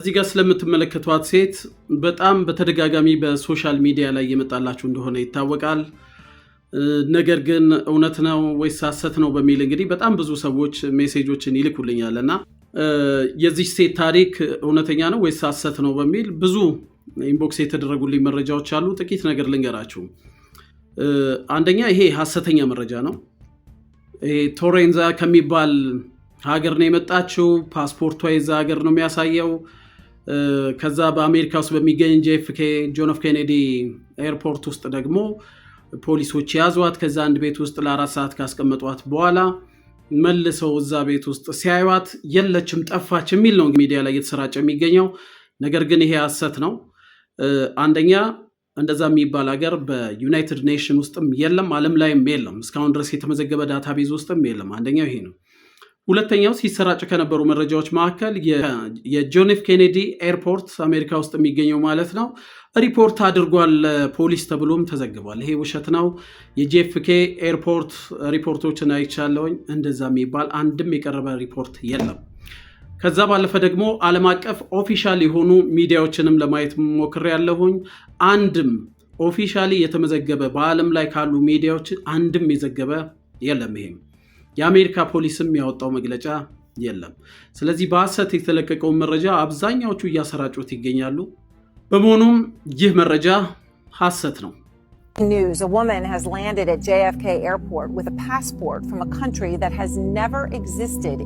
እዚህ ጋር ስለምትመለከቷት ሴት በጣም በተደጋጋሚ በሶሻል ሚዲያ ላይ የመጣላችሁ እንደሆነ ይታወቃል። ነገር ግን እውነት ነው ወይስ ሀሰት ነው በሚል እንግዲህ በጣም ብዙ ሰዎች ሜሴጆችን ይልኩልኛል እና የዚህ ሴት ታሪክ እውነተኛ ነው ወይስ ሐሰት ነው በሚል ብዙ ኢንቦክስ የተደረጉልኝ መረጃዎች አሉ። ጥቂት ነገር ልንገራችሁ። አንደኛ ይሄ ሀሰተኛ መረጃ ነው። ቶሬንዛ ከሚባል ሀገር ነው የመጣችው። ፓስፖርቷ የዛ ሀገር ነው የሚያሳየው። ከዛ በአሜሪካ ውስጥ በሚገኝ ጄኤፍኬ ጆን ኦፍ ኬኔዲ ኤርፖርት ውስጥ ደግሞ ፖሊሶች ያዟት። ከዛ አንድ ቤት ውስጥ ለአራት ሰዓት ካስቀመጧት በኋላ መልሰው እዛ ቤት ውስጥ ሲያዩት የለችም፣ ጠፋች የሚል ነው ሚዲያ ላይ እየተሰራጨ የሚገኘው። ነገር ግን ይሄ አሰት ነው። አንደኛ እንደዛ የሚባል ሀገር በዩናይትድ ኔሽን ውስጥም የለም፣ አለም ላይም የለም። እስካሁን ድረስ የተመዘገበ ዳታቤዝ ውስጥም የለም። አንደኛው ይሄ ነው። ሁለተኛው ሲሰራጭ ከነበሩ መረጃዎች መካከል የጆን ኬኔዲ ኤርፖርት አሜሪካ ውስጥ የሚገኘው ማለት ነው ሪፖርት አድርጓል ፖሊስ ተብሎም ተዘግቧል። ይሄ ውሸት ነው። የጄፍኬ ኤርፖርት ሪፖርቶችን አይቻለውኝ። እንደዛ የሚባል አንድም የቀረበ ሪፖርት የለም። ከዛ ባለፈ ደግሞ ዓለም አቀፍ ኦፊሻል የሆኑ ሚዲያዎችንም ለማየት ሞክር ያለሁኝ አንድም ኦፊሻሊ የተመዘገበ በዓለም ላይ ካሉ ሚዲያዎች አንድም የዘገበ የለም። ይሄም የአሜሪካ ፖሊስም ያወጣው መግለጫ የለም። ስለዚህ በሐሰት የተለቀቀውን መረጃ አብዛኛዎቹ እያሰራጩት ይገኛሉ። በመሆኑም ይህ መረጃ ሐሰት ነው። News, a woman has landed at JFK Airport with a passport from a country that has never existed.